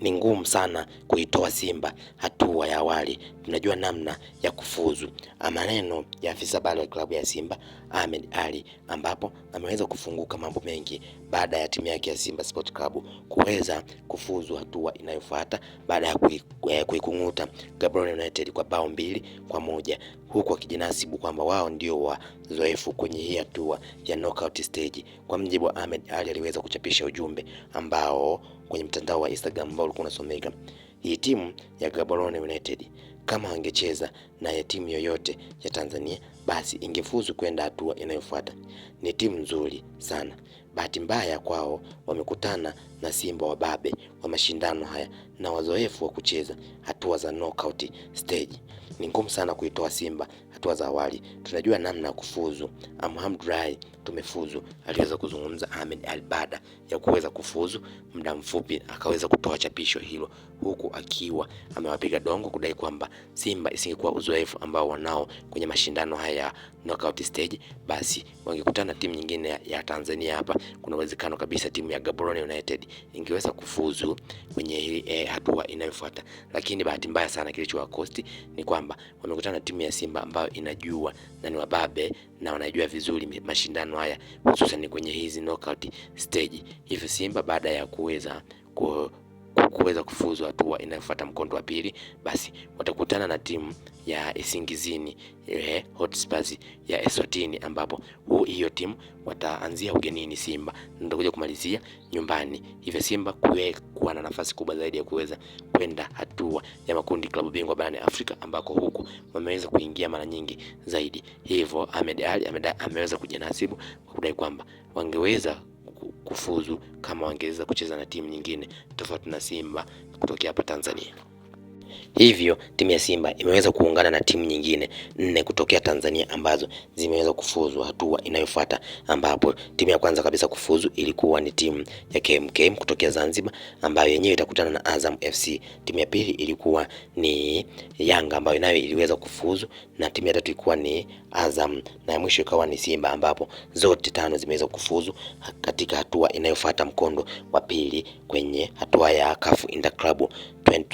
ni ngumu sana kuitoa Simba hatua ya awali tunajua namna ya kufuzu. Maneno ya afisa bado wa klabu ya Simba Ahmed Ali, ambapo ameweza kufunguka mambo mengi baada ya timu yake ya Simba Sport Club kuweza kufuzu hatua inayofuata baada ya eh, kuikung'uta Gaborone United kwa bao mbili kwa moja huku wakijinasibu kwamba wao ndio wazoefu kwenye hii hatua ya knockout stage. Kwa mjibu wa Ahmed Ali, aliweza kuchapisha ujumbe ambao kwenye mtandao wa Instagram ambao ulikuwa unasomeka hii timu ya Gaborone United kama angecheza na ya timu yoyote ya Tanzania basi ingefuzu kwenda hatua inayofuata. Ni timu nzuri sana. Bahati mbaya kwao wamekutana na Simba wababe wa mashindano haya na wazoefu wa kucheza hatua za knockout stage. Ni ngumu sana kuitoa Simba hatua za awali. Tunajua namna ya kufuzu. Alhamdulillah, tumefuzu, aliweza kuzungumza Ahmed Albada ya kuweza kufuzu. Muda mfupi akaweza kutoa chapisho hilo, huku akiwa amewapiga dongo kudai kwamba Simba isingekuwa uzoefu ambao wanao kwenye mashindano haya ya knockout stage, basi wangekutana timu nyingine ya, ya Tanzania hapa, kuna uwezekano kabisa timu ya Gaborone United ingeweza kufuzu kwenye hii eh, hatua inayofuata, lakini bahati mbaya sana kilichowakosti ni kwamba wamekutana na timu ya Simba ambayo inajua na ni wababe na wanajua vizuri mashindano haya hususan kwenye hizi knockout stage. Hivyo Simba baada ya kuweza ku wataweza kufuzu hatua inayofuata mkondo wa pili, basi watakutana na timu ya Isingizini eh, Hotspurs ya Eswatini, ambapo hiyo timu wataanzia ugenini Simba na kuja kumalizia nyumbani, hivyo Simba kue, kuwa na nafasi kubwa zaidi ya kuweza kwenda hatua ya makundi klabu bingwa barani Afrika, ambako huku wameweza kuingia mara nyingi zaidi. Hivyo Ahmed Ali ameweza kujinasibu kwa kudai kwamba wangeweza kufuzu kama wangeweza kucheza na timu nyingine tofauti na Simba kutokea hapa Tanzania. Hivyo timu ya Simba imeweza kuungana na timu nyingine nne kutokea Tanzania ambazo zimeweza kufuzu hatua inayofuata, ambapo timu ya kwanza kabisa kufuzu ilikuwa ni timu ya KMKM kutokea Zanzibar ambayo yenyewe itakutana na Azam FC. Timu ya pili ilikuwa ni Yanga ambayo nayo iliweza kufuzu, na timu ya tatu ilikuwa ni Azam na ya mwisho ikawa ni Simba, ambapo zote tano zimeweza kufuzu katika hatua inayofuata mkondo wa pili kwenye hatua ya CAF Inter Club 20